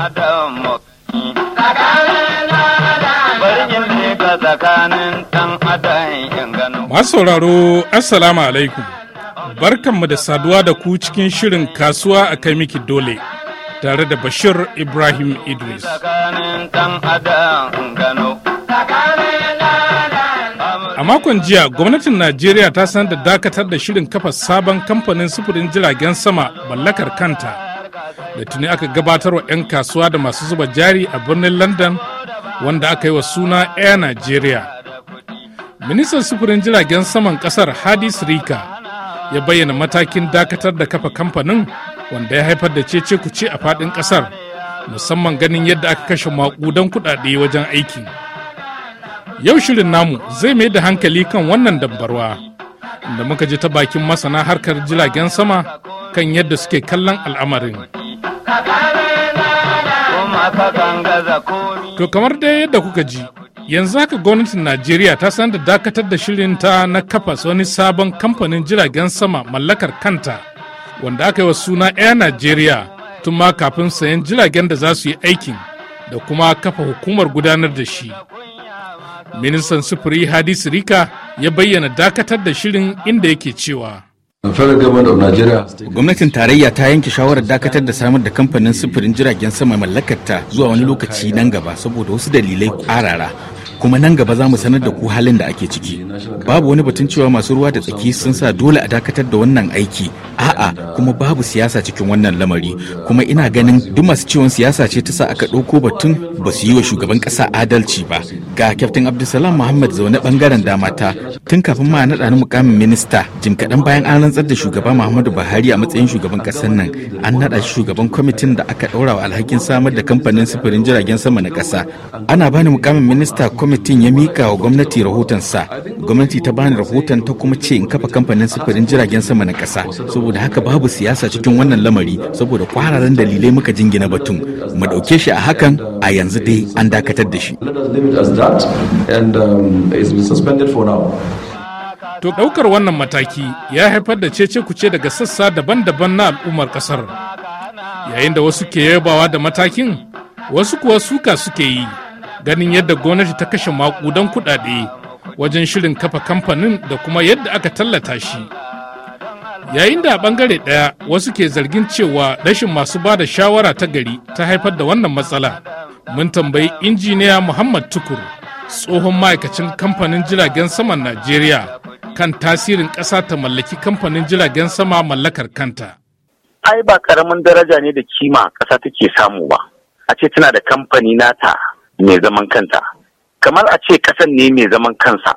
adam Masu sauraro Assalamu alaikum barkanmu da saduwa da ku cikin shirin kasuwa a kai miki dole tare da Bashir Ibrahim Idris. A makon jiya gwamnatin Najeriya ta sanar da dakatar da shirin kafa sabon kamfanin sufurin jiragen sama mallakar kanta. da tuni aka gabatar wa 'yan kasuwa da masu zuba jari a birnin london wanda aka yi wa suna air nigeria ministan sufurin jiragen saman kasar hadis rika ya bayyana matakin dakatar da kafa kamfanin wanda ya haifar da cece kuce a fadin kasar musamman ganin yadda aka kashe makudan kudade wajen aiki. yau shirin namu zai mai da hankali kan wannan dabbarwa da muka ji ta bakin masana harkar jiragen sama kan yadda suke kallon al'amarin. To kamar dai yadda kuka ji, yanzu haka gwamnatin Najeriya ta san da dakatar da shirinta na kafa wani sabon kamfanin jiragen sama mallakar kanta, wanda aka yi wa suna Air Najeriya tun ma kafin sayan jiragen da za su yi aikin da kuma kafa hukumar gudanar da shi. ministan sufuri hadis rika ya bayyana dakatar da shirin inda yake cewa gwamnatin tarayya ta yanke shawarar dakatar da samar da kamfanin sufurin jiragen sama mallakarta zuwa wani lokaci nan gaba saboda wasu dalilai ƙarara kuma nan gaba za mu sanar da ku halin da ake ciki babu wani batun cewa masu ruwa da tsaki sun sa dole a dakatar da wannan aiki a'a kuma babu siyasa cikin wannan lamari kuma ina ganin duk masu ciwon siyasa ce ta sa aka ɗauko batun ba su yi wa shugaban ƙasa adalci ba ga kyaftin abdulsalam muhammad zaune bangaren dama ta tun kafin ma naɗa ni mukamin minista jim kaɗan bayan an rantsar da shugaba muhammadu buhari a matsayin shugaban ƙasar nan an naɗa shugaban kwamitin da aka ɗaura wa alhakin samar da kamfanin sufurin jiragen sama na ƙasa ana bani mukamin minista kwamitin kwamitin ya mika wa gwamnati rahotonsa gwamnati ta bani rahoton ta kuma ce in kafa kamfanin sufurin jiragen sama na ƙasa saboda haka babu siyasa cikin wannan lamari saboda kwararan dalilai muka jingina batun mu ɗauke shi a hakan a yanzu dai an dakatar da shi um, To ɗaukar wannan mataki ya haifar da cece kuce daga sassa daban-daban na al'ummar ƙasar. Yayin da wasu ke yabawa da matakin, wasu kuwa suka suke yi. ganin yadda gwamnati ta kashe makudan kudade wajen shirin kafa kamfanin da kuma yadda aka tallata shi yayin da a bangare daya wasu ke zargin cewa rashin masu ba da shawara ta gari ta haifar da wannan matsala mun tambayi injiniya muhammad tukur tsohon ma'aikacin kamfanin jiragen saman najeriya kan tasirin ƙasa ta mallaki kamfanin jiragen sama mallakar kanta ai ba karamin daraja ne da kima ƙasa take samu ba a ce tana da kamfani nata mai zaman kanta kamar a ce kasan ne mai zaman kansa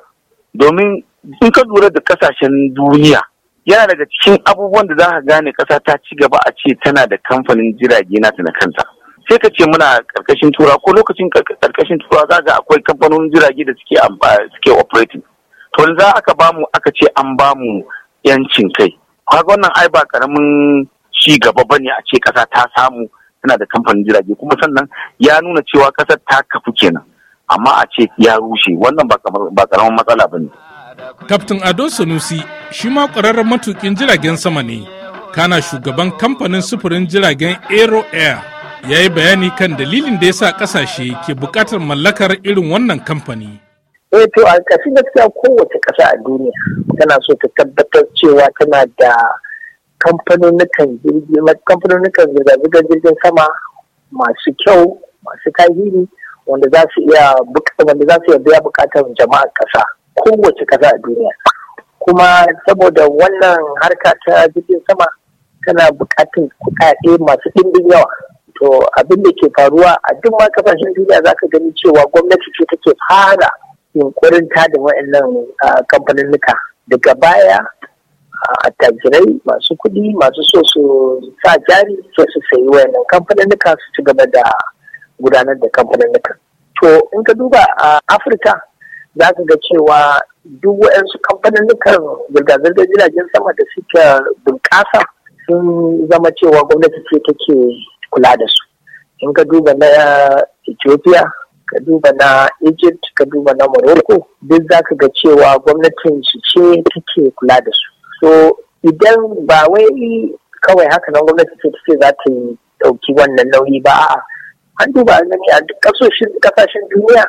domin in ka lura da kasashen duniya yana daga cikin abubuwan da za ka gane kasa ta ci gaba a ce tana da kamfanin jirage na kanta sai ka ce muna karkashin tura ko lokacin karkashin tura za ga akwai kamfanonin jirage da suke suke operating to za aka mu aka ce an ba mu yancin kai kaga wannan ai ba karamin ci gaba bane a ce kasa ta samu tana da kamfanin jirage kuma sannan ya nuna cewa kasar ta kafu kenan amma a ce ya rushe wannan ba karamin matsala ba ne. Kaftin Ado Sanusi shi ma ƙwararren matukin jiragen sama ne, kana shugaban kamfanin sufurin jiragen Aero Air ya yi bayani kan dalilin da ya sa ƙasashe ke buƙatar mallakar irin wannan kamfani. eh to a gaskiya kowace ƙasa a duniya tana so ta tabbatar cewa tana da kamfanonukan zirga-zirgar jirgin sama masu kyau masu tahiri wanda za su iya wanda za su biya bukatar jama'a ƙasa kowace ƙasa a duniya kuma saboda wannan harka ta jirgin sama tana bukatar kuɗaɗe masu ɗimbin yawa to abin da ke faruwa a duk ma kasashen duniya za ka gani cewa gwamnati ce take fara yunkurin ta da wa'annan ah, kamfanin daga baya attajirai masu kuɗi masu so su sa jari sai su sayi wayannan kamfaninnuka su ci gaba da gudanar da kamfaninnuka To in ka duba a Afirka za ka ga cewa duk waɗansu kamfaninnukan zirga-zirgar jiragen sama da suke bunƙasa sun zama cewa gwamnati ce take kula da su. In ka duba na Ethiopia ka duba na Egypt, ka duba na Morocco, duk za ka ga cewa gwamnatin su ce take kula da su. so idan ba wai kawai haka nan gwamnati ce ta ce za ta yi ɗauki wannan nauyi ba a'a an duba a gani a duk kasashen duniya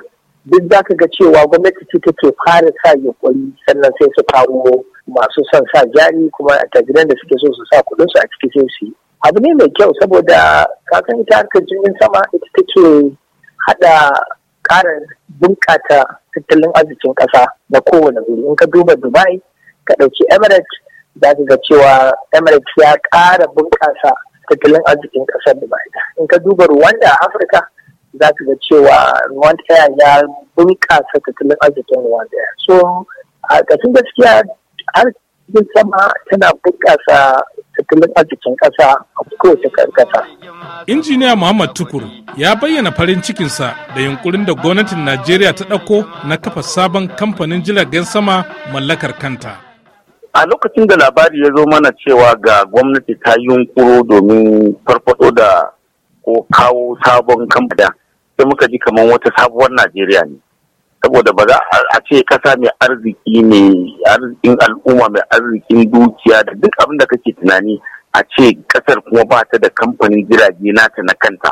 duk za ka ga cewa gwamnati ce take fara sa yunkuri sannan sai su kawo masu son sa jari kuma a tajiran da suke so su sa kuɗin su a ciki sai su yi abu ne mai kyau saboda kakan ita harkar jirgin sama ita take haɗa ƙara bunƙata tattalin arzikin ƙasa na kowane wuri in ka duba dubai ka ɗauki emirates za ka ga cewa emirates ya ƙara bunƙasa tattalin arzikin ƙasar dubai in ka duba ruwanda a afirka za ka ga cewa ruwanda ya bunƙasa tattalin arzikin ruwanda so a ƙasin gaskiya har cikin sama tana bunƙasa tattalin arzikin ƙasa a kowace ƙasa. Injiniya Muhammad Tukur ya bayyana farin cikinsa da yunkurin da gwamnatin Najeriya ta ɗauko na kafa sabon kamfanin jiragen sama mallakar kanta. a lokacin da labari ya zo mana cewa ga gwamnati ta yi yunkuro domin farfaɗo da ko kawo sabon kamfada sai muka ji kamar wata sabuwar najeriya ne saboda ba za a ce kasa mai arziki ne, arzikin al'umma mai arzikin dukiya da duk abin da kake tunani a ce kasar kuma ba ta da kamfanin jirage nata na kanta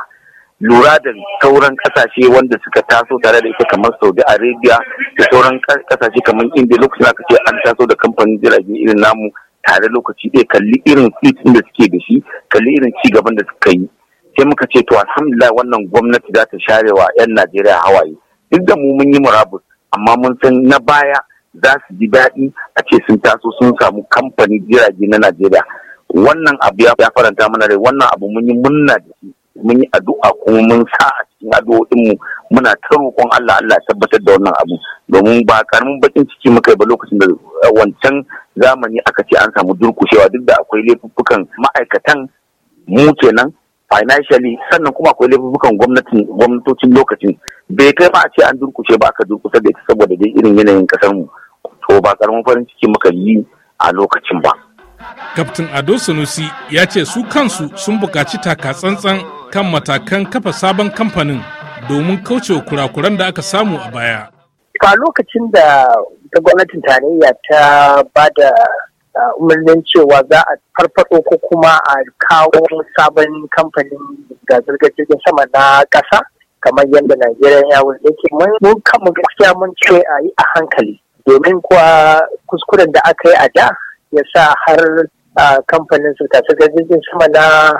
lura da sauran kasashe wanda suka taso tare da ita kamar saudi arabia da sauran kasashe kamar inda lokacin aka ce an taso da kamfanin jiragen irin namu tare lokaci ɗaya kalli irin fleet da suke da shi kalli irin ci gaban da suka yi sai muka ce to alhamdulillah wannan gwamnati za ta share wa 'yan najeriya hawaye duk da mu mun yi murabus amma mun san na baya za su ji daɗi a ce sun taso sun samu kamfanin jirage na najeriya wannan abu ya faranta mana rai wannan abu mun yi munna mun yi addu'a kuma mun sa a cikin addu'o'in mu muna ta roƙon Allah Allah ya tabbatar da wannan abu domin ba karamin bakin ciki muka yi ba lokacin da eh, wancan zamani aka ce an samu durkushewa duk da akwai laifuffukan ma'aikatan mu kenan financially sannan kuma akwai laifukan gwamnatin gwamnatocin lokacin bai kai ba a ce an durkushe ba aka durkusa da ita saboda dai irin yanayin kasar mu to ba karamin farin ciki muka yi a lokacin ba. Kaftin Ado Sanusi ya ce su kansu sun buƙaci taka tsantsan kan matakan kafa sabon kamfanin domin kaucewa kurakuran da aka samu a baya. Ka lokacin da ta gwamnatin tarayya ta ba da umarnin cewa za a farfado ko kuma a kawo sabon kamfanin zirga jirgin sama na ƙasa kamar yadda Najeriya ya yake mun kama gaskiya mun ce a yi a hankali domin kuwa kuskuren da aka yi a da ya sa har kamfanin zirga zirgin sama na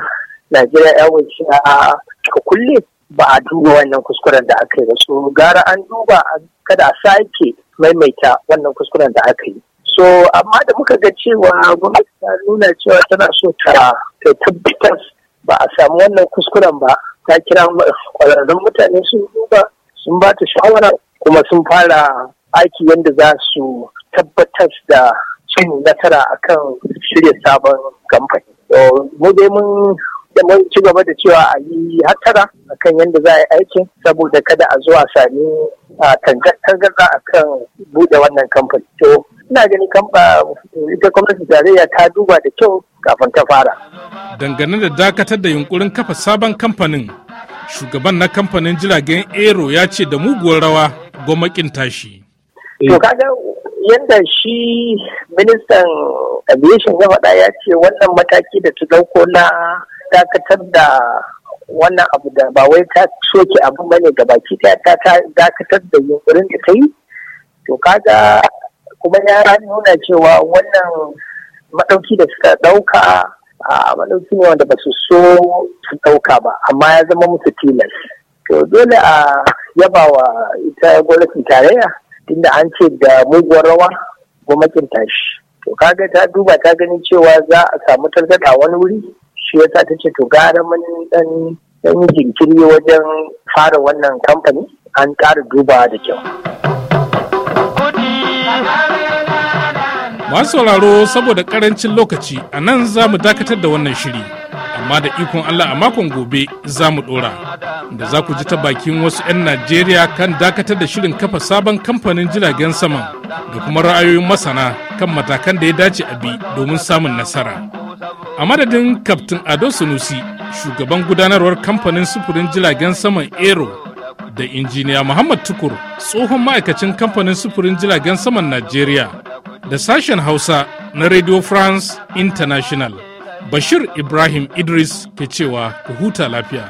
Najeriya Airways cika kulle ba a duba wannan kuskuren da aka yi ba so gara an duba kada a sake maimaita wannan kuskuren da aka yi so amma da muka ga cewa gwamnati ta nuna cewa tana so ta tabbatar ba a samu wannan kuskuren ba ta kira kwararrun mutane sun duba sun ba ta shawara kuma sun fara aiki wanda za su tabbatar da cin nasara akan shirya sabon kamfani mu dai mun da mun ci gaba da cewa a yi hattara kan yadda za a yi aikin saboda kada a zuwa sami a akan buɗe wannan kamfani. To ina gani kamfa ita gwamnatin tarayya ta duba da kyau kafin ta fara. Dangane da dakatar da yunkurin kafa sabon kamfanin, shugaban na kamfanin jiragen Aero ya ce da muguwar rawa gwamnatin tashi. To kaga shi ministan aviation ya faɗa ya ce wannan mataki da ta dauko na dakatar da wannan abu da ba wai ta soke abu bane ga baki ta ta dakatar da yunkurin da ta yi to kaga kuma ya nuna cewa wannan madauki da suka dauka a madauki ne wanda ba su so su dauka ba amma ya zama musu tilas to dole a yaba wa ita gwamnatin tarayya tunda an ce da muguwar rawa gwamnatin tashi to kaga ta duba ta gani cewa za a samu targada wani wuri shi yasa ta ce to gara mun dan dan jinkiri wajen fara wannan kamfani an ƙara duba da kyau masu sauraro saboda karancin lokaci a nan za mu dakatar da wannan shiri amma da ikon allah a makon gobe za mu dora da za ku ji ta bakin wasu 'yan najeriya kan dakatar da shirin kafa sabon kamfanin jiragen sama da kuma ra'ayoyin masana kan matakan da ya dace a bi domin samun nasara a madadin kaftin ado sunusi shugaban gudanarwar kamfanin sufurin jiragen saman aero da injiniya muhammad tukur tsohon ma'aikacin kamfanin sufurin jiragen saman najeriya da sashen hausa na radio france international bashir ibrahim idris ke cewa ku huta lafiya